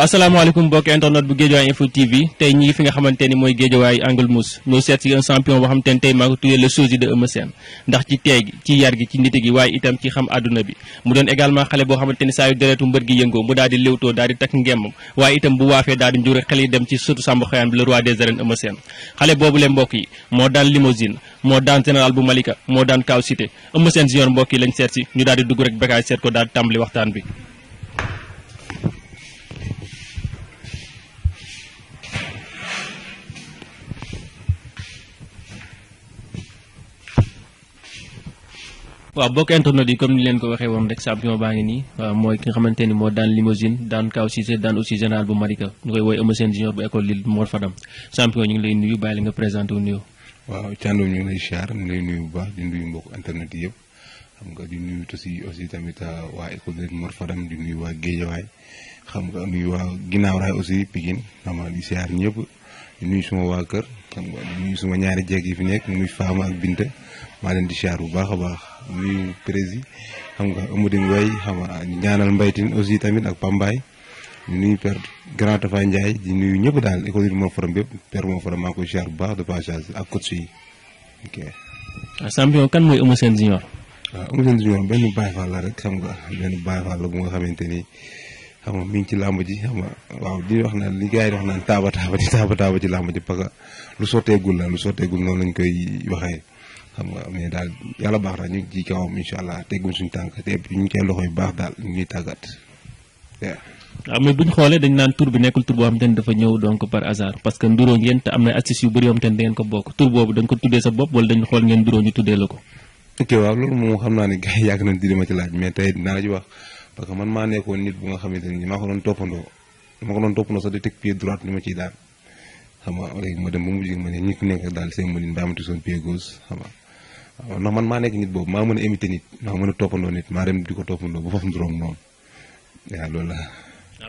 waaw asalaamaaleykum mbokk internet bu Guédiawaye Info TV tey ñi ngi fi nga xamante ni mooy Guédiawaye Angle Mousse ñoo seet si champion boo tey maa ko tuddee le de Eumeu Sène ndax ci teey gi ci yar gi ci nite gi waaye itam ci xam àdduna bi mu doon également xale boo xamante ni saa yu deretu mbër gi yëngoo mu daal di léwtoo daal di takk ngemmam waaye itam bu waafee daal di xel yi dem ci surtout Samba Xoyaan bi le roi des arènes Eumeu Sène xale boobu le moo daan limousine moo daan général bu Malika moo daan Kaw Cité Eumeu Sène junior mbokk ñu daal di dugg rek bakaay seet ko daal di tàmbali waaw mbokk internet yi comme ni leen ko waxee woon rek champion baa ngi nii waaw mooy ki nga xamante ni moo daan limousine daan Kaw Cissé daan aussi général bu Malika ñu koy woy Eumeu Sène junior bu école Lille Mor Fadam ñu ngi lay nuyu nga présenté wu bu baax di nuyu mbokk internet yëpp xam nga di nuyu aussi aussi tamit euh, waa école Lille Mor Fadam di nuyu waa Guédiawaye xam nga nuyu waa ginnaaw raay aussi Pikine xam nga di siyaar ñëpp. nuyu suma waa kër xam nga nuyu suma ñaari jeeg yi fi nekk muy Fama ak Binta maa leen di siyaar bu baax a baax nuyu prési xam nga di Ngoye xam nga ñaanal mbaytin aussi tamit ak Pambaay di nuyu père grand Tafa Ndiaye di nuyu ñëpp daal école yi moo bépp père moo faram maa koy siyaar bu baax de passage ak coach yi ok. Ah, champion kan mooy ah, Eumeu Sène Junior. benn Baye Fall la rek xam nga benn Baye Fall la bu nga xamante ni. xam nga mi ci lamb ji xam waaw di wax naan li gars wax naan taaba taaba di taaba taaba ci lamb ji parce que lu gul la lu gul noonu lañ koy waxee xam nga mais daal yàlla baax na ñu ngi ci kawam incha allah teggum suñ tànk te ñu ngi cay loxo yu baax daal ñu ngi tàggat waaw ah, mais buñ xoolee dañ naan tur bi nekkul tur boo xam te dafa ñëw donc par hasard parce que nduroo ngeen te am na astuce yu bëri yoo xam te ne ngeen ko bokk tur boobu dañ ko tuddee sa bopp wala dañ xool ngeen nduroo ñu tuddee la ko ok waaw loolu moom xam naa ne gars yi yàgg nañ di dama ci laaj mais tey dinaa la ci wax parce que man ma nekkone nit bu nga xamanteni ni maa ko doon toppandoo dama ko doon toppandoo sax di teg pied droite ni ma ci daal xam nga léegi ma dem ba mujj ma ne ñi ko nekk daal sey mënin ba amati son pied gauche xam nga waaw man ma nekk nit bob ma mën imiter nit ma mën topando nit ma dem diko topando bu ba ndrom non ya waaw la.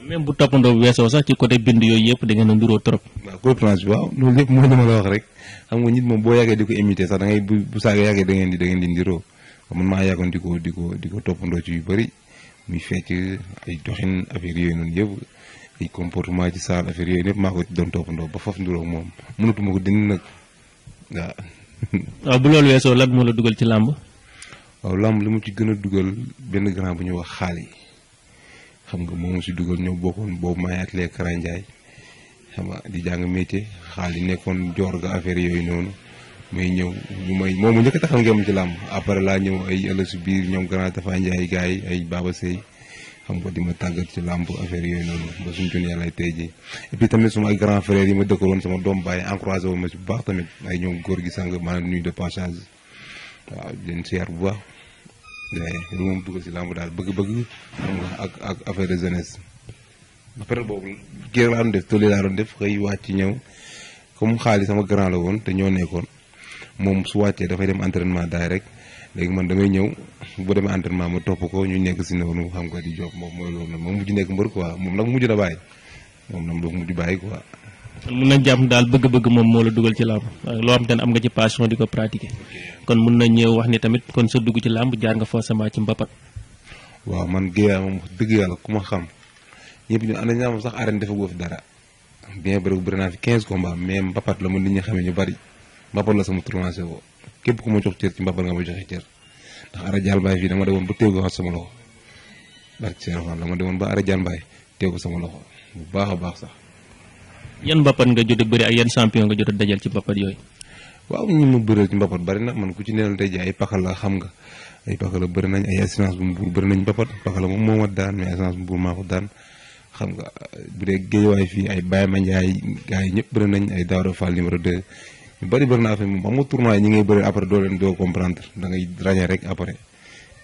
même bu topando wesso sax ci côté bind yoy yep da nga a nduro trop. waaw ko trans waaw loolu yëpp mo dama la wax rek xam nga nit mom bo yagge diko imiter sax da ngay bu bu yagge da ngay di da ngay di ndiro man ma yàggoon diko diko di ko ci yu bari muy fecc ay doxin affaire yooyu noonu yëpp ay comportement ci saal affaire yooyu yëpp maa ko doon toppandoo ba foofu nduróo moom mënatuma ko dindi nag waaw. bu loolu weesoo lan moo la dugal ci làmb. waaw làmb li mu ci gën a dugal benn grand bu ñuy wax xaalis xam nga moom si dugal ñoo bokkoon boobu maay atelier Karanjaay xam nga di jàng métier xaalis nekkoon joor ga affaire yooyu noonu. may ñew ñu may momu ñëk njëkk taxal ngeen ci lamb après la ñew ay ëllëg ci biir ñom grand Tafa Ndiaye gaay ay Baba sey xam ko dima ma ci lamb affaire yoy non ba suñu jun yalla tayji et puis tamit suma grand frère yi ma dekkoon sama baye en croisé wu ma ci baax tamit ay ñoom góor gi sang maanaam nuyu de passage ah, waaw leen siyaar bu baax eh, loolu moom dugg ci lamb daal bëgg-bëgg ak ak affaire de jeunesse après boobu géer def tolli laa def xëy wàcc ñew comme xaalis sama grand la won te ñoo nekkoon mom su wacce da fay dem entraînement daay rek léegi man damay ñew bu dem entraînement ma top ko ñu nekk ci nonu xam nga di job mom moy lolu mom mu mujj nekk mbeur quoi moom nag mujj na bàyyi mom nak mu mujj bàyyi quoi. kon mën nañ jàpp daal bëgg-bëgg mom mo la duggal ci lamb lo xam te am nga ci passion diko pratiquer kon mën na ñew wax ni tamit kon sa dugg ci lamb jaar nga forcément ci mbapat. waaw man geya mom dëgg yalla kuma xam ñepp ñu ana ñam sax arène defu fi dara bien bëru bëru na fi 15 combats mais mbapat la mu nit ñi xamé ñu bari bapal la nah, sama tournage wo képp ko mo jox cër ci bapal nah, nga mo joxe cër ndax ara jall bay fi dama dewon ba teggu sama loxo barke ci Fall dama dewon ba ara jall bay teggu sama loxo bu baaxa baax sax yan bapal nga jot beuri ak yan champion nga jot dajal ci bapal yoy waaw ñi mu bëral ci bapal bari na man ku ci neenal tey ji ay pakal la xam nga ay pakal la nañ ay assurance bu mbuur bëri nañ bapal pakal mo mo moo daan mais assurance bu mako daan xam nga bu dee way fi ay Baye Mandiaye gars yi ñëpp nañ ay daaro Fall numéro 2 bari bëri bëri naa fi moom xam nga tournoi yi ñi ngay bëri après doo leen doo comprendre da ngay ràññee rek après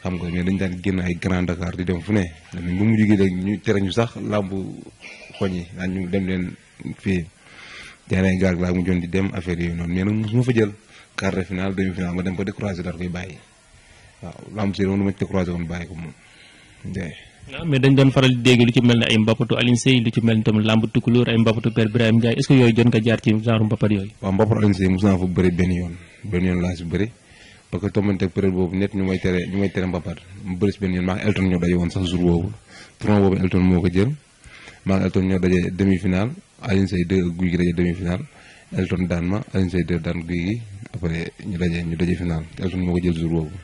xam nga mais dañ daan génn ay grande Dakar di dem fu ne bu mu jugee rek ñu tere ñu sax làmb xoñ yi daan ñu dem leen fii jaanay gaar laa mu joon di dem affaire yooyu noonu mais nag mosuma fa jël quart de finale demi finale ma dem ko découragé daal koy bàyyi waaw làmb si moom nu ma découragé woon bàyyi ko moom waaw ah, mais dañ doon faral di dégg lu mel ni tamit lamb tukulóor ay mbappatu Père Birahim Ndiaye est-ce que yooyu jot nga jaar ci genre mbappat yooyu waaw mbappatu Alioune Seye mos naa fa bëri benn yoon benn yoon laa si bëri parce que tombante période boobu Elton ñoo daje woon sax jour boobu tournoi boobu Elton moo ko jël maa Elton ñoo daje demi-finale Elton moo ko jël jour boobu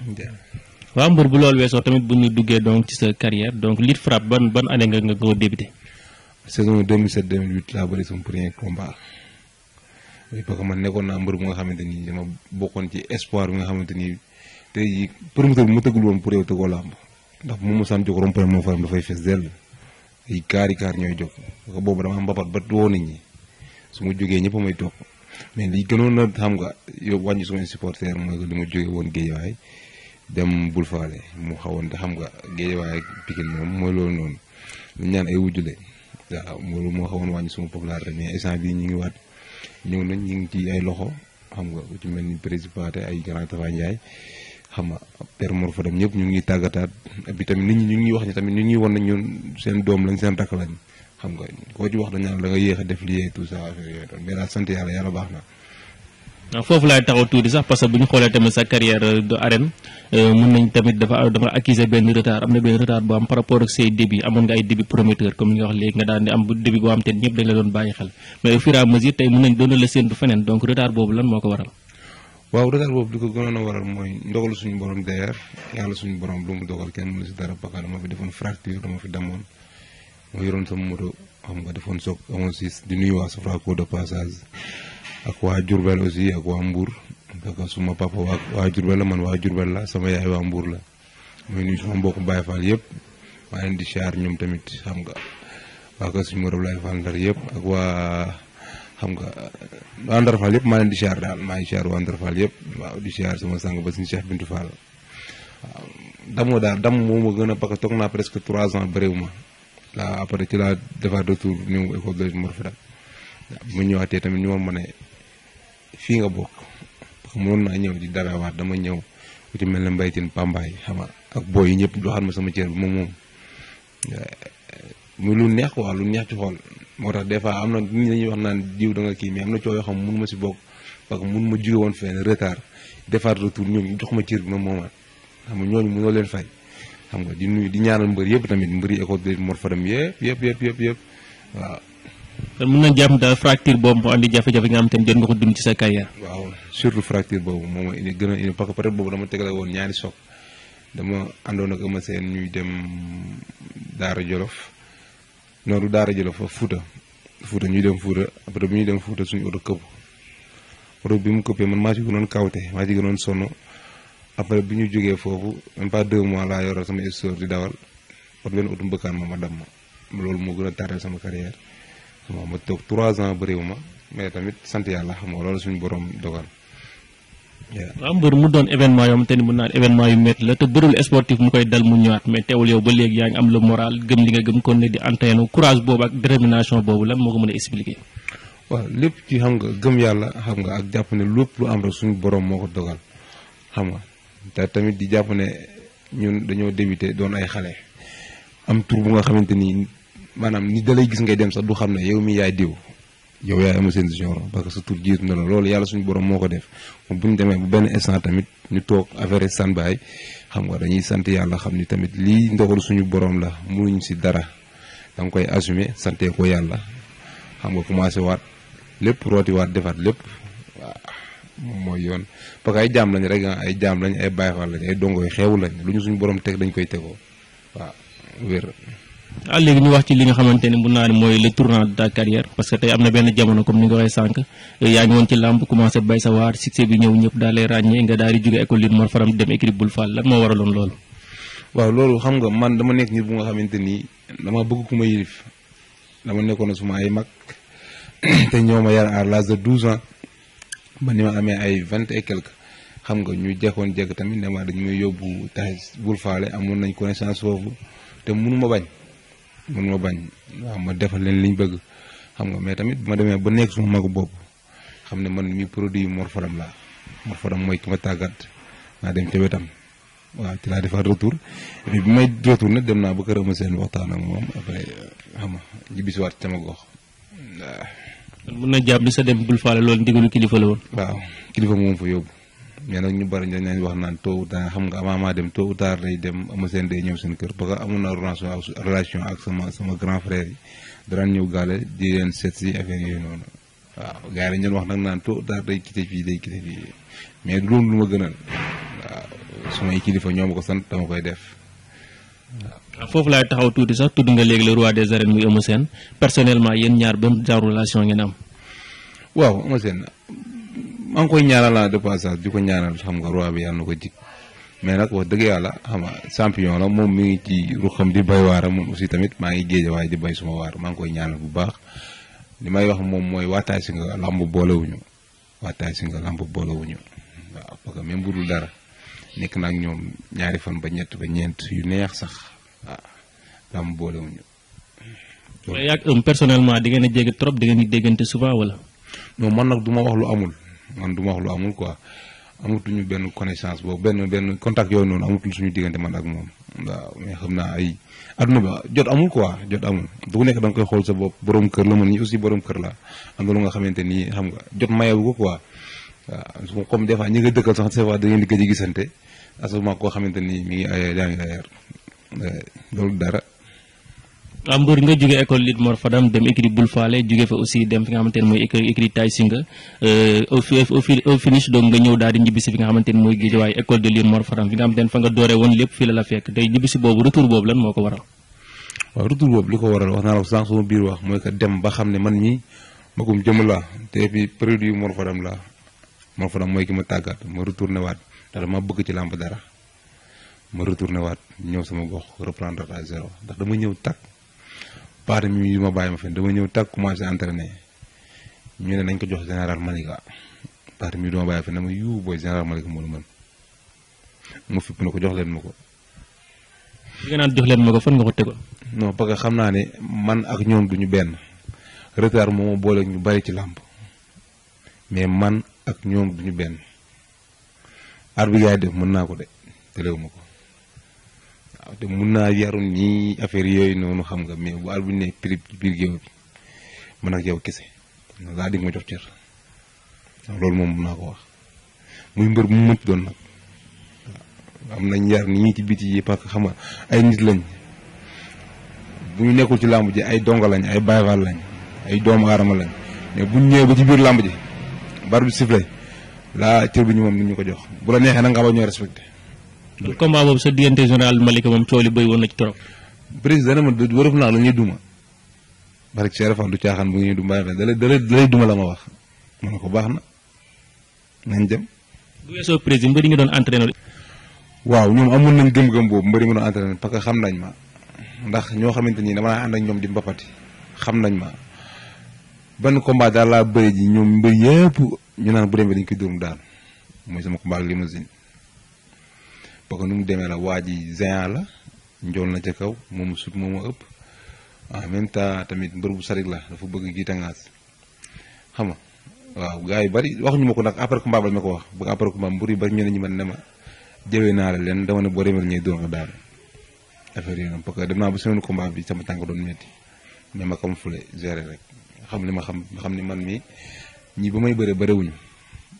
hmm. waaw mbër bu lol weesoo tamit bu ñu duggé donc ci sa carrière donc lit frapp ban ban année nga nga go débuté. saison 2007 2008 la bari son premier combat oui parce que man né ko na bu nga xamanteni dama bokkon ci espoir bi nga xamante ni tey jii promoteur mu teggul won pour yow tëggoo lamb ndax mu ma mosaan jóg rompre moo faram dafay fees dell ay kaari kari ñooy jóg parce que boobu dama am mbapat ba woo nit ñi su mu joggé ñepp may topp mais li gënon na xam nga yo wañu suñu supporter mooy li ma jógee woon géejawaay dem bul faale mu xawoon te xam nga géejawaay ak Pikine moom mooy loolu noonu ñu ñaan ay wujjule waaw loolu moo xawoon wàññi suma popularité mais instant bi ñu ngi waat ñëw nañ ñu ngi ci ay loxo xam nga ci mel ni précipaté ay grand Tafa Ndiaye xam nga père Mor fa ñëpp ñu ngi tàggataat bi tamit nit ñi ñu ngi wax ni tamit ñu ngi won nañ ñun seen doom lañ seen rakk lañ xam nga koo ci wax dañ ñaan da nga yéex def lii tout ça affaire yooyu mais daal sant yàlla a baax na foofu laay taxaw tuuti sax parce bu ñu xoolee tamit sa carrière de arène euh, mun nañ tamit dafa dafa acquise benn retard am na benn retard bu am par rapport ak say début amoon nga ay début prometteur comme li nga wax léegi nga daan di am début boo am te ñëpp dañ la doon bàyyi xel mais au fur et à mesure tey mun nañ doon la séentu feneen donc retard boobu lan moo ko waral. waaw retard boobu li ko gënoon a waral mooy ndogalu suñu borom deer yàlla defoon fracture dama fi damoon ma ak waa Diourbel aussi ak waa Mbour donc suma papa waa waa Diourbel man waa Diourbel la sama yaay waa Mbour la moy ni sama mbokku Baye Fall yëpp ma len di siyaar ñum tamit xam nga waa kër suñu moroom Baye Fall Ndar yëpp ak wa ah, xam nga waa Ndar Fall yëpp ma len di siyaar dal ma ngi siyaar Ndar Fall yëpp waaw di siyaar sama sang ba suñu Cheikh Bintou Fall damo ah, da dam moo ma gën a parce que presque 3 ans bëriwuma la après ci défa de tour ñu école de Mor mu tamit ñu mëne fi nga bok parce na ñew di dara wa dama ñew ci mbaytin pambay xama ak boy ñepp do xam sama cër mo mo mu lu neex wa lu neex ci xol mo tax defa amna ñi na ñi wax naan diiw da nga ki mais amna na coo xam mënu ma si bokk parce que ma jóge won fenn retard defaat retour ñoom jox ma cër bi ma xam nga ñooñu leen fay xam nga di nuyu di ñaanal mbeur yépp tamit yi ko de morfaram yépp yépp yépp yépp waaw mën na jàpp daal fracture boobu mu andi jafe-jafe nga am tam jot nga ko dund ci sa carrière waaw surtout fracture boobu moom indi gën a indi parce que peut boobu dama tegale woon ñaari soog dama àndoon ak ma seen ñuy dem daara jolof non du daara jolof fa fuuta fuuta ñuy dem fuuta après bi ñuy dem fuuta suñu oto këpp oto bi mu këppee man maa ci gënoon kawte maa ci gënoon sonn après bi ñu jógee foofu même pas deux mois laa yoro sama histoire di dawal oto benn oto mbëkkaan ma ma dam ma loolu moo gën a tardé sama carrière bon ma toog trois ans bëriwu ma mais tamit sant yàlla xam nga loolu suñu borom dogal. waaw mbër mu doon événement yoo xam te ni mën naa événement yu métti la te bërul sportif mu koy dal mu ñëwaat mais teewul yow ba léegi yaa ngi am la moral gëm li nga gëm kon ne di entraîner courage boobu ak détermination boobu lan moo ko mën a expliquer. waaw lépp ci xam nga gëm yàlla xam nga ak jàpp ne lépp lu am rek suñu boroom moo ko dogal xam nga te tamit di jàpp ñun dañoo débuté doon ay xale maanaam ni dalay gis ngay dem sax du xam ne yow mi yaay diw yow yaay ama seen genre parce que sa tur jiitu na la loolu yàlla suñu borom moo ko def moom bu ñu demee bu benn instant tamit ñu toog affaire baay xam nga dañuy sant yàlla xam ni tamit lii ndoxal suñu borom la mënuñ si dara da nga koy assumer sante ko yàlla xam nga commencé waat lépp rooti waat defaat lépp waa moom mooy yoon parce que ay jaam lañ rek ay jaam lañ ay baay faal lañ ay dongo yu xeewu lañ lu ñu suñu boroom teg dañ koy tegoo waaw ah léegi ñu wax ci li nga xamante ne mun naa ne mooy le tournant de ta carrière parce que tey am na benn jamono comme ni nga waxee sànq eh, yaa ngi woon ci làmb commencé bay sa waar succès bi ñëw ñëpp daal lay ràññee nga daal di jóge école Lit Mor Faram dem écrit bul Fall lan moo waraloon loolu. waaw loolu xam nga man dama nekk nit bu nga xamante ni dama bëgg ku ma yilif dama nekkoon suma ay mag te ñoo ma yar à l'âge de douze ans ba ni ma amee ay vingt et quelque xam nga ñu jekkoon jekk tamit ne ma dañu may yóbbu tax bul faale amoon nañ connaissance foofu te mënu bañ. mun ma bañ waaw ma defal leen liñ bëgg xam nga mais tamit bu ma demee ba nekk suma magu bopp xam ne man mi produit Morphodam laa Morphodam mooy ki ma tàggat naa dem ca wetam waaw ci laa defaat retour et puis bi may retour nag dem naa ba kër seen waxtaan ak moom après xam nga ñu bisiwaat gox waaw. mun na jàpp sa dem bul faale loolu ndigalu kilifa la waaw kilifa moom fa yóbbu. mais nag ñu bari dañ leen wax naan tôt ou tard xam nga amaama dem tôt ou tard dem ama seen day ñëw seen kër parce que amoon na relation ak sama sama grand frère yi daraan ñëw gaale di leen seet si affaire yooyu noonu waaw gars yi dañ doon wax nag naan tôt ou tard day quitté fii day quitté mais du lu ma gënal waaw sumay kilifa ñoo ko sant dama koy def waaw. waaw foofu laay taxaw tuuti sax tudd nga léegi le roi des arènes muy Eumeu Sène personnellement yéen ñaar ban genre relation ngeen am. maa ko koy ñaanal de passage di ko ñaanal xam nga roi bi yàlla na ko jig mais nak wax deug yalla xam nga champion la mom mi ci ruxam di bay waara mom aussi tamit ma ngi géej way di bay suma waar maa ngi koy ñaanal bu baax li may wax moom mooy waataay si nga làmb wuñu waataay singa lamb làmb boolewuñu parce que même bu dul dara nek nak ñom ñaari fan ba ñett ba ñent yu neex sax lamb làmb boolewuñu. waaye yaag personnellement di ngeen a trop di ngeen di déggante souvent wala. non man nak duma wax lu amul. man du ma wax lu amul quoi amatuñu benn connaissance boobu benn benn contact yooyu noonu amatul suñu diggante man ak moom waaw mais xam naa ay adduna ba jot amul quoi jot amul du nekk da nga koy xool sa bopp borom kër la man nii aussi boroom kër la am na lu nga xamante ni xam nga jot mayewu ko quoi waaw comme des fois ñi nga dëkkal sax des fois da ngeen di gëj a gisante asuma koo xamante ni mi ngi ay yaa ngi euh, loolu dara. am nga jóge école lit mor fadam dem écrit bul faale jóge fa aussi dem eh, fi nga xamante moy mooy écrit tay euh au finish donc nga ñëw daal di ñibbisi fi nga xamante moy mooy way école de lit mor fadam fi nga xamante fa nga doré won lépp fi la la fekk tey ñibisi bobu retour bobu lan moko waral wa retour bobu liko waral wax na la sax sànq suma biir wax moy ka dem ba xamné ne man mii magum jëm la té bi produit mor fadam laa mor fadam mooy ki ma tagat ma retourné wat dara ma bëgg ci lamb dara ma retourné wat ñëw sama gox reprendre à zéro ndax dama ñëw tak paare mi ma bàyyi ma fen dama ñëw tag commencé entraîner ñu ne nañ ko jox général Malika paare mi du ma bàyyi fen dama yuu booy général Malika moo la mën mu fipp ko jox leen ma ko. bi nga leen ma ko fan nga ko tegoon. non parce xam naa ne man ak ñoom duñu benn retard moo ma boole ñu bari ci làmb mais man ak ñoom duñu benn ar bi def mën naa ko de te ko. waaw te mun naa yaru nii affaire yooyu noonu xam nga mais bu àll bu ñu nee prix biir géew bi man ak yow kese daal di nga ma jox cër loolu moom mun naa ko wax muy mbër mu mënti doon nag am nañ yar nii ci biti yi parce que xam nga ay nit lañ bu ñu nekkul ci làmb ji ay donga lañ ay bayval lañ ay doomu aadama lañ mais bu ñu ñëwee ba ci biir làmb ji bar bi sifle laa cër bi ñu moom ni ñu ko jox bu la neexee nag nga ba ñoo respecté. combat bobu sa diggante général Malika mom toli beuy won na ci torop président dana ma wërëf na la ñuy duma. dale Cheikh Rafa du caaxaan bu ñuy duma da lay da lay duma la ma wax. man ko baxna na nañ dem. bu yeso président mbeuri nga don entraîneur waaw ñom amul nañ gëm-gëm bobu mbeuri nga doon parce que xam nañ ma ndax ño xamanteni dama and ak ñom di mbapati xam nañ ma ban combat da la beuy ji ñom mbeuy yépp ñu naan bu demee dañ ko dóor daal sama combat limousine parce que nu mu la waji zain la njool na ca kaw mom sut momo upp en même temps tamit mbër bu sarik la dafa bëgg gi tangas xama waaw gaay bari waxuñu ma ko nag après combat ba ma wax bu après combat mbër bari ñene ñi man ne ma jëwee naa la len dama ne bo remel ñi doon daal affaire yi non parce que dem bu seen semaine combat bi sama tang doon metti mais ma kam fule gérer rek xam li ma xam xam ni man mi ñi bu may bëre bëre wuñu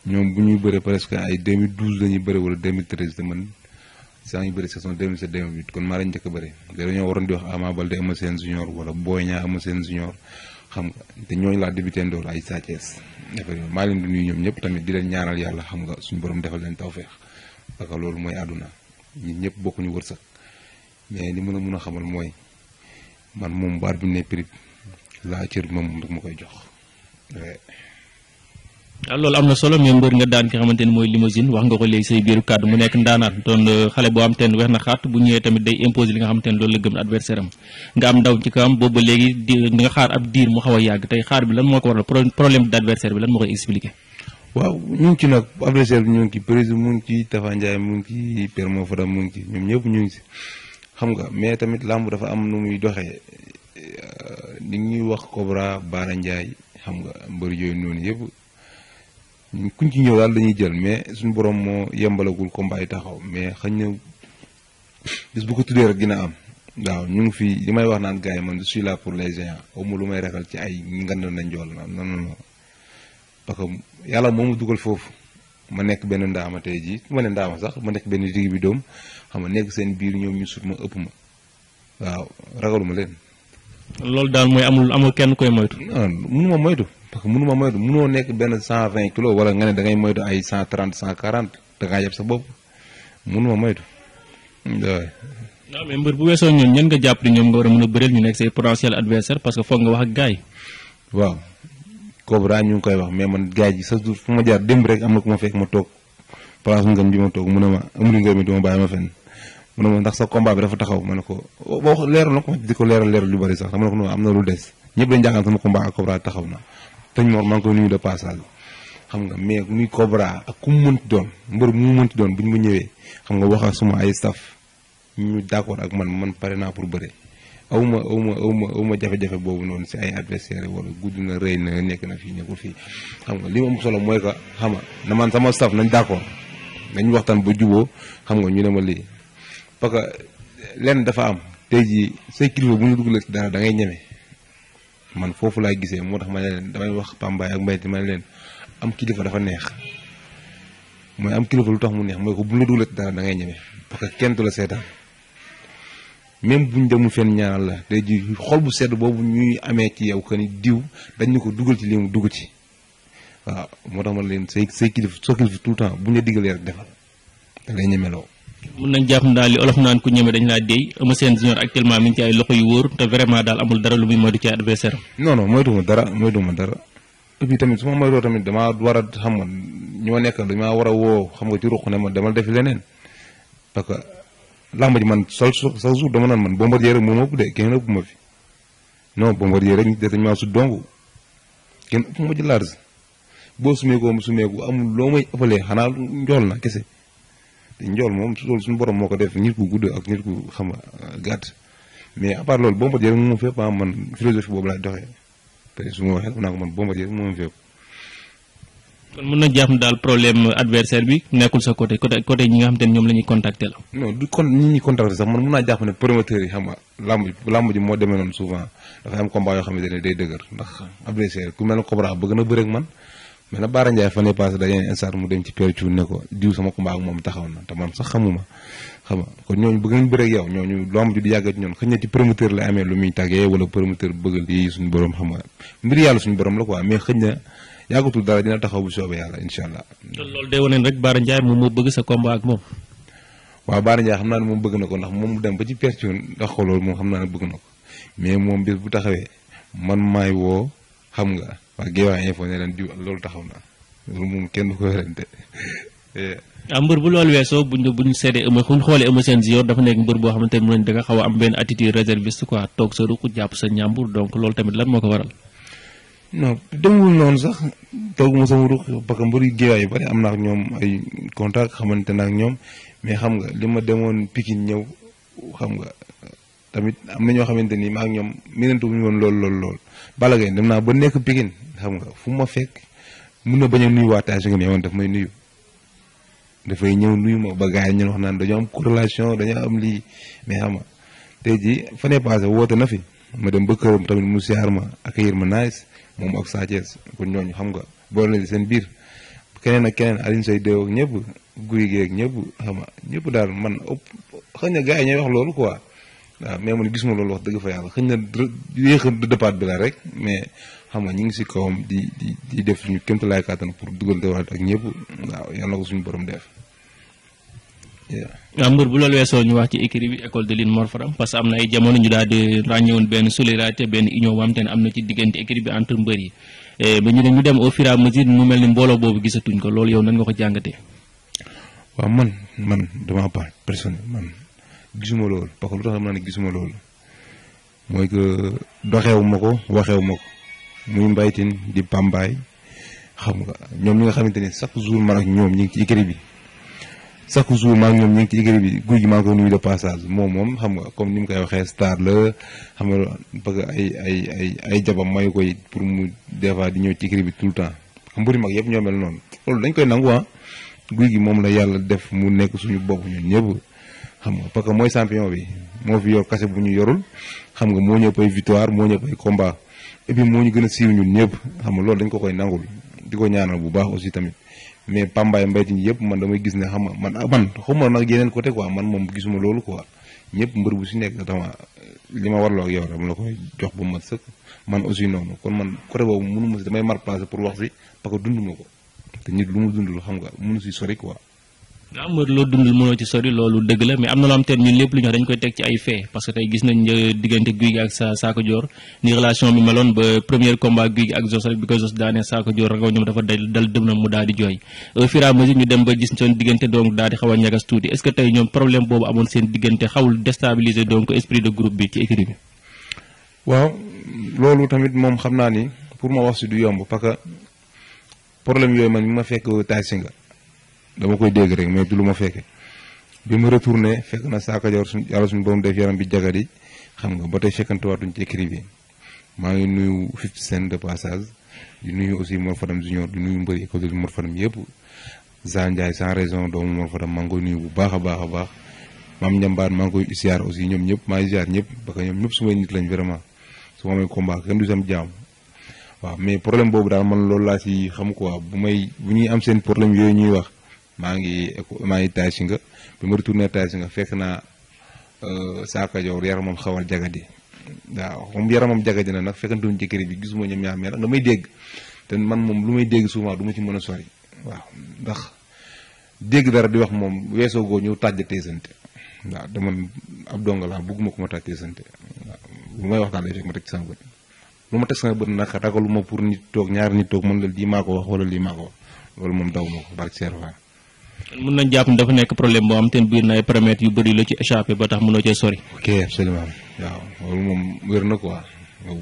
ñom bu ñuy bëre presque ay 2012 lañuy ñuy bëre wala 2013 de man sans yu bëri saison 2007 2008 kon maa lañ njëkk a bëri dañoo waroon di wax Ama Baldé Eumeu Sène junior wala Boy Niang Eumeu Sène junior xam nga te ñooñu laa débuté ndool ay Sa Thiès affaire yooyu maa leen di nuyu ñoom ñëpp tamit di leen ñaanal yàlla xam nga suñ borom defal leen tawféex parce loolu mooy àdduna ñun ñëpp bokkuñu wërsëg mais li mën a mun a xamal mooy man moom baat bi ne prix laa cër bi ma moom rek ma koy jox. waaw loolu am na solo mais mbër nga daan ki xamante ni mooy limousine wax nga ko léegi say biiru kàddu mu nekk ndaanaan doon euh, xale boo xam te weex na xaat bu ñëwee tamit day imposer li nga xamante ne loolu la gëm adversaire am nga am ndaw ci kawam boobu ba léegi a yàgg tey xaar bi lan moo ko waral problème d' adversaire bi lan xam nga mais tamit làmb dafa am nu muy doxee euh, li ñuy wax Cobra Baara Ndiaye xam nga mbër yooyu noonu yëpp kuñ ci ñëw daal dañuy jël mais suñu borom moo yembalagul combat yi taxaw mais xañ na bis bu ko tuddee rek dina am waaw ñu ngi fi li may wax naan gars yi man je suis là pour les géants amul lu may ragal ci ay ñi ngand na njool na parce que yàlla moo ma dugal foofu ma nekk benn ndaama tey jii ma ne ndaama sax ma nekk benn digg bi doom xam nga nekk seen biir ñoom ñu sut ma ëpp ma waaw ragaluma leen. loolu daal mooy amul amul kenn koy moytu. non mënuma moytu. parce que mënuma moytu muno nek ben 120 kilo wala ngane da ngay moytu ay 130 140 da ngaa yeb sa bopp mënuma moytu. non mais mbeur bu wesso ñun ñen nga japp ni ñom nga wara mëna mën bëreel ñu nek say potentiel adversaire parce que fo nga wax ak gaay waaw Cobra ñu koy wax mais man gaay ji sa jour fu ma jaar dem rek amna na ma fekk ma tok place ngeen bi ma tok mu ma amul ngeen mi duma baye ma fenn. mu ma ndax sa combat bi dafa taxaw ma ne ko boo leeral na ko di ko leeral lu bari sax dama ne ko non lu dess ñepp lañu jaaxal sama combat ak Cobra taxaw na. dañ moor maa ngi koy nuyu de passage xam nga mais muy Cobra ak ku mu mënti doon mbër mu mu mënti doon bu ñu ma ñëwee xam nga wax ak suma ay staff ñu d'accord ak man man pare naa pour bëre aw ma aw ma aw ma aw ma jafe-jafe boobu noonu si ay adversaire wala gudd na rëy na nekk na fii nekkul fii xam nga li ma am solo mooy que xam nga na man sama staff nañ d'accord nañ waxtaan ba juboo xam nga ñu ne ma lii parce que lenn dafa am tey jii say kilifa bu ñu dugg la si dara da ngay ñeme. man foofu laay gisee moo tax ma ne leen damay wax Pambaay ak Mbaye ma leen am kilifa dafa neex mooy am kilifa lu tax mu neex mooy ko bu la dugalee dara da ngay ñeme parce que kenn du la seetaan même buñ demul fenn ñaanal la day ji xol bu sedd boobu ñuy amee ci yow que ni diw dañ ñu ko dugal ci lii mu dugg ci waaw moo tax ma leen say say kilifa soo kilifa tout le temps bu ñu la digalee rek defal da lay ñemeloo mën nañ jàpp ne daal li olof naan ku ñeme dañ laa déy Eumeu Sène junior actuellement mi ngi ci ay loxo yu wóor te vraiment daal amul dara lu muy moytu ci adversaire am. moytu ma dara moytu ma dara et tamit su war a xam nga ñoo nekk dañ maa war a woo xam nga ci ruq ne ma demal defi leneen parce que làmb ji man sol chaque jour dama naan man Bombardier rek moo ma ëpp de kenn ëpp ma fi non Bombardier rek dañ maa su dong kenn ëpp ma ci large boo sumee ko sumee ko amul loo may ëppalee xanaa njool na kese. njool moom loolu suñu borom moo ko def nit ku gudd ak nit ku xam euh, gàtt mais à part loolu Bombardier moom moom fépp ah, man philosophie boobu laay doxee te man Bombardier moom fépp. kon mën na jàpp daal problème adversaire bi nekkul sa côté côté côté ñi nga xam te ñoom la ñuy contacter la. non du kon ñi ñuy contacter sax man mën naa jàpp ne promoteur yi xam nga làmb làmb ji moo deme noonu souvent dafay am combat yoo xamante ne day dëgër ndax adversaire ku mel ne Cobra bëgg na bëre ak man. mais na baara njaay fa ne passé da ngay instant mu dem ci père ne ko diw sama ko ak mom taxaw na te man sax xamuma xam ko kon ñooñu bëgg nañ bëre ak yow ñooñu lomb ju di yàgg ci ñoon xëñ ci promoteur la amé lu muy taggé wala promoteur bëggal yi suñu borom xam nga mbir yalla suñu borom la quoi mais xëñ yagutul dara dina taxaw bu soobé yalla inshallah allah loolu wone rek baara ndjay mom mo bëgg sa combat ak mom wa baara ndjay xamna mom bëgg na ndax mom dem ba ci père ndax xol lool mom xamna bëgg nako mais mom bir bu taxawé man may wo xam nga waa Géewaay info ne leen di lol taxawna na mum kenn ko am eh. ah, bur bu lol weso buñu buñu sédé euma xun xolé euma sen junior dafa nek mbër bo xamanteni mu ne daga xawa a am ben attitude réserviste quoi tok sa ruku japp sa ñambur donc lol tamit lan moko waral non demul non sax tooguma sama ruq parce que mbër yu bari amna ak ñom ay contact xamanteni naa ak ñoom mais xam nga lima demone Pikine ñew xam nga tamit am na ño xamanteni ni ak ñom minantu ñu won lol lol lol balagay dem na ba nek Pikine xam nga fu ma fekk mun na bañ a nuyu waa Taïsegou mais man daf may nuyu dafay ñëw nuyu ma ba gars yi ñun wax naan dañoo am corrélation dañoo am lii mais xam nga tey jii fan yii woote na fi ma dem ba këram tamit mu siyaar ma accueillir ma nice moom ak Sa Thiès kon ñooñu xam nga boo na seen biir keneen ak keneen Alioune Seye Deo ak ñëpp guy geeg ñëpp xam nga daal man ëpp xëy na gars yi ñooy wax loolu quoi waaw mais man gisuma loolu wax dëgg fa yàlla xëy na yéex a rek mais. xam nga ñu ngi kawam di di di def ñu kémt lay katan pour duggante wat ak ñëpp waaw ya ko suñu borom def ya amur bu lol weesoo ñu wax ci écrit bi école de line Mor parce que amna ay jamono ñu daal di rañewon ben solidarité ben union wam te amna ci digënté écrit bi entre mbeur yi eh, ba ñu ne ñu dem au fur et à mesure mu melni mbolo bobu gisatuñ ko lol yow nan nga ko jangaté wa man man dama pas personne man gisuma lol parce que lutax tax dama ne gisuma lol moy que doxeewu ko ko muy mbaytin di pambaay xam nga ñoom ñi nga xamante ne chaque jour man ak ñoom ñu ngi ci écurie bi chaque jour maa ngi ñoom ñu ngi ci écurie bi guy gi maa ngi ko nuyu de passage moom moom xam nga comme ni mu koy waxee star la xam nga parce que ay ay ay ay jabam mayu koy pour mu des fois di ñëw ci écurie bi tout le temps mbëri mag yëpp ñoo mel noonu loolu dañ koy nangu ah guy gi moom la yàlla def mu nekk suñu bopp ñun ñëpp xam nga parce que mooy champion bi moo fi yor kase bu ñu yorul xam nga moo ñëpp ay victoire moo ñëpp ay combat et puis moo ñu gën a siiw ñun ñëpp xam nga loolu dañ ko koy nangul di ko ñaanal bu baax aussi tamit mais Pambaay mbay ñi yëpp man damay gis ne xam nga man man xawma nag yeneen côté ko man moom gisuma loolu ko ñëpp mbër bu si nekk dama li ma warloo ak yow dama na koy jox ba mat sëkk man aussi noonu kon man côté boobu mënu ma si damay mar place pour wax si parce que dund ko te nit lu mu dundul xam nga mënu si sori quoi waaw mbër loo dundul mënoo ci sori loolu dëgg la mais am na loo am teen ñun lépp lu ñu wax dañ koy teg ci ay fait parce tey gis nañ euh, diggante guy gi ak sa saako joor ni relation bi meloon ba premier combat guy gi ak Zos rek bi ko Zos daanee saako joor ragaw ñoom dafa dal dal dëm na mu daal di jooy au fur et ñu dem ba gis seen diggante donc daal di xaw a ñagas tuuti est ce que tey ñoom problème boobu amoon seen diggante xawul déstabiliser donc esprit de groupe bi loolu tamit moom xam naa ni pour ma wax si yomb parce que problème yooyu man mi ma fekk taay nga dama koy dégg rek mais du lu ma fekke bi ma retourné fekk na saaka jawar suñ yàlla suñu borom def yaram bi jagadi xam nga ba tey fekkantewaatuñ ci écrit bi maa ngi nuyu Fifty Cent de passage di nuyu aussi Mor Fadam Junior di nuyu mbëri école Mor Fadam yëpp Zane Ndiaye sans raison doomu Mor Fadam maa ngi koy nuyu bu baax a baax a baax maam njambaar maa ngi koy siyaar aussi ñoom ñëpp maa ngi ñëpp parce ñoom ñëpp sumay nit lañ vraiment su ma amee combat kenn waaw mais problème boobu daal man loolu laa si xam quoi may bu ñuy am seen problème yooyu ñuy wax maa ngi maa ngi taay si nga bi ma retourné taay si nga fekk naa euh, saaka joor yaramam xawal jagadi waaw moom yaramam jagadi na nag fekkantuñ ci bi gisuma ñoom ñaar mais nag damay dégg te man moom lu may dégg souvent du ci mën a sori waaw ndax dégg dara di wax moom weesoo goo ñëw tàjj teesante waaw dama ab laa bëgguma ma tàjj teesante waaw lu may wax daal ma teg ci sama bët lu ma teg sama bët nag ragaluma pour nit toog ñaari nit toog mën la lii maa ko wax wala lii maa wax loolu moom daw ma ko barke Serfane mën nañ jàpp ne dafa nekk problème boo am te biir na ay paramètres yu bëri la ci échappé ba tax mënoo cee sori. ok absolument waaw loolu moom wér na quoi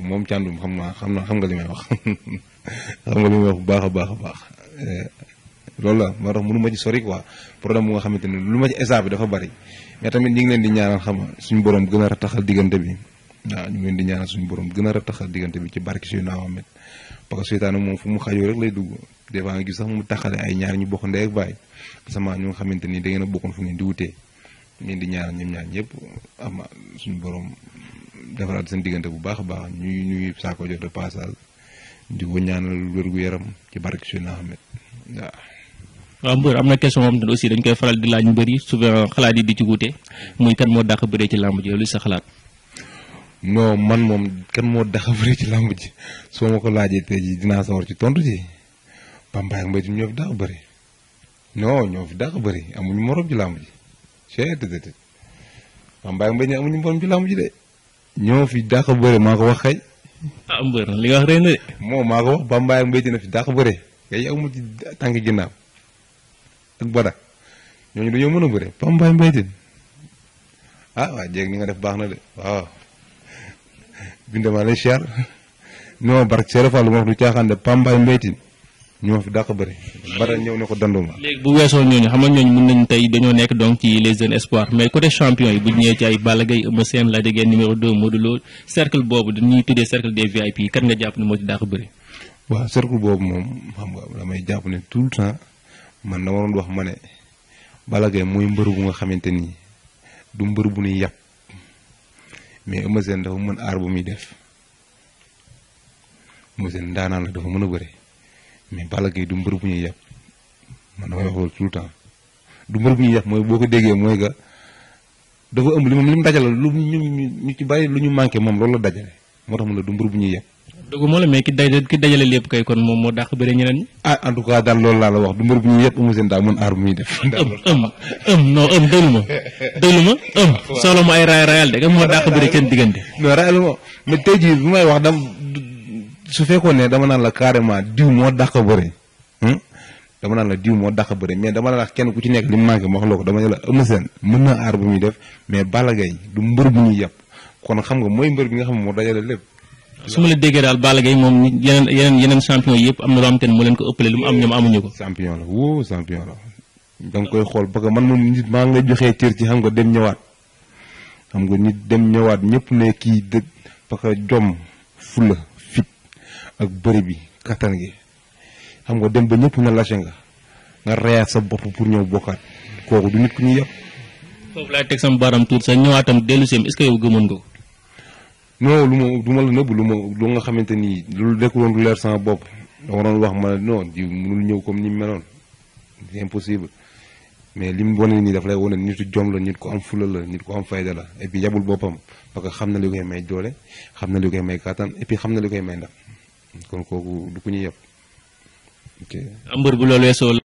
moom càndum xam naa xam naa xam nga li may wax xam nga li may bu baax a baax a baax eh, loolu la moo tax ma ci sori quoi problème bu nga xamante ne lu ma ci échappé dafa bari mais tamit ñu ngi leen di ñaanal xam suñu borom gën a rataxal diggante bi waaw ñu ngi leen di ñaanal suñu borom gën a rataxal diggante bi ci barke suy naaw amet parce que seytaane moom fu mu xajoo rek lay dugg des fois nga gis sax mu taxale ay ñaar ñu bokk ndey ak sama ñu xamanteni da ngeen a fu ñu di wutee ngeen di ñaanal ñim ñaar ñepp am suñu borom defaraat seen digënté bu baax a baax ñuy nuyu saako jot de passage di ko ñaanal wër gu yaram ci barke suñu Ahmed da am bu amna question moom tan aussi dañ koy faral di laaj mbër souvent xalaat yi di ci wuté muy kan mo dakk bëré ci lamb ji lu sa xalaat. non man mom kan mo dakk bëré ci lamb ji so mako ko laajee ji dina dinaa sawar ci tontu ji Bamba ak Mbaye ñoo fi dàq bëri non ñoo fi dàq bëri amuñu morom ci làmb ji c'est dëgg Mbaye Mbaye amuñu morom ci làmb ji de ñoo fi dàq bëri maa ko wax xey am bari li nga wax reene mo mako wax ba mbay ci na fi dàq bari kay amu ci tanki ginnaaw ak bada ñooñu dañoo mën a bëri ba mbay Mbaye ah wa jeeg ni nga def baax na de wa bindama lay siyaar non barke Serigne mo wax lu caaxaan de Pambaay Mbaytin ñoo fi dàq bëri bara ñëw ne ko danduma léegi bu weesoo ñooñu xamal ñooñu mën nañ tey dañoo nekk donc ci les jeunes mais côté champion yi bu ñëwee ci ay Balla Gaye Eumeu la déggee numéro 2 Modou cercle boobu dañuy cercle des VIP kan nga jàpp ne moo ci dàq bëri waaw cercle boobu moom xam nga damay jàpp ne tout temps man dama doon wax ma ne Balla Gaye bu nga xamante du bu mais dafa mën def la dafa mais bala gay du mbër buñu yapp man dama wax tout temps du mbër buñu yapp moy boko déggé moy ga dafa ëmb li moom dajal lu ñu ñu ci bari lu ñu manké mom loolu la dajale moo du mbër buñu yapp dogu mo la mais ki day ki dajalé lépp kay kon mom mo dakk bëri ñeneen ah en tout cas dal loolu la la wax du mbër buñu yapp musen da seen mën def ëm ëm ëm non ëm deuluma ma solo mu ay ray rayal de nga mo dakk bëri seen digënde no nah, rayal mo mais tay ji bu may wax dama su fekkoon nee dama naan la carrément diw moo dàq bëri hmm? dama naan la diw moo dàq bëri mais dama naan la kenn ku ci nekk li mu manqué ma wax la ko dama ne la Eumeu Sène mën na aar bu muy def mais Balla Gaye du mbër bu ñuy yàpp kon xam nga mooy mbër bi nga xam ne moo dajale lépp. su ma la déggee daal Balla Gaye moom yeneen yeneen yeneen champion yëpp am na loo xam te ne moo leen ko ëppale lu mu am ñoom amuñu ko. champion la woo champion la da koy xool parce man moom nit maa ngi lay joxee cër ci nga dem ñëwaat xam nga nit dem ñëwaat ñëpp ne kii dëgg parce que jom ak bëri bi katan gi xam nga dem ba ñepp na lâché nga nga reyaat sa bop pour ñew bokkat koku du nit ku ñuy yapp fofu laay tek sama baram tuut sa ñewatam delu sem est ce que yow gëmoon nga no non lu ma du la neub lu ma lu nga xamanteni lu dekk won lu leer sama bop da waron wax ma no di mënul ñew comme ni mu meloon c'est impossible mais lim mu ni nii daf lay wane nitu jom la nit ko am fulal la nit ko am fayda la et puis yabul bopam parce que xamna li koy may doole xamna li koy may katan et puis xamna li koy may ndax kon kooku du ku ñuy yab. ok mbër